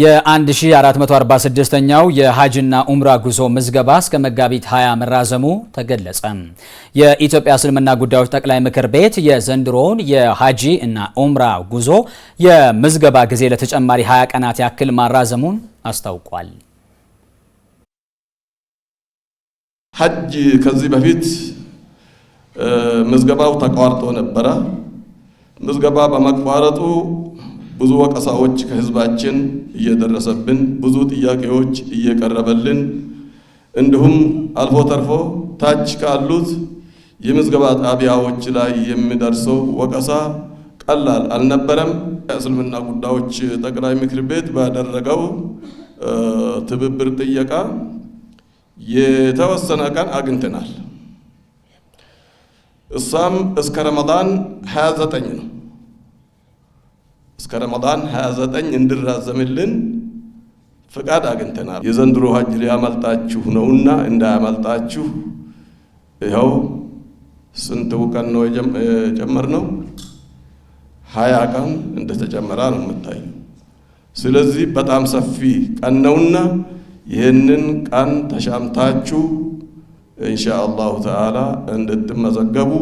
የ1446ኛው የሐጅና ኡምራ ጉዞ ምዝገባ እስከ መጋቢት 20 መራዘሙ ተገለጸ። የኢትዮጵያ እስልምና ጉዳዮች ጠቅላይ ምክር ቤት የዘንድሮውን የሀጂ እና ኡምራ ጉዞ የምዝገባ ጊዜ ለተጨማሪ 20 ቀናት ያክል ማራዘሙን አስታውቋል። ሐጅ ከዚህ በፊት ምዝገባው ተቋርጦ ነበረ። ምዝገባ በመቋረጡ ብዙ ወቀሳዎች ከህዝባችን እየደረሰብን፣ ብዙ ጥያቄዎች እየቀረበልን እንዲሁም አልፎ ተርፎ ታች ካሉት የምዝገባ ጣቢያዎች ላይ የሚደርሰው ወቀሳ ቀላል አልነበረም። የእስልምና ጉዳዮች ጠቅላይ ምክር ቤት ባደረገው ትብብር ጥየቃ የተወሰነ ቀን አግኝተናል። እሷም እስከ ረመዳን 29 ነው። እስከ ረመዳን 29 እንድራዘምልን ፍቃድ አግኝተናል። የዘንድሮ ሀጅ ሊያመልጣችሁ ነውና እንዳያመልጣችሁ ይኸው ስንት ቀን ነው ነው? ሀያ ቀን እንደተጨመረ ነው የምታዩ። ስለዚህ በጣም ሰፊ ቀን ነውና ይህንን ቀን ተሻምታችሁ ኢንሻ አላሁ ተዓላ እንድትመዘገቡ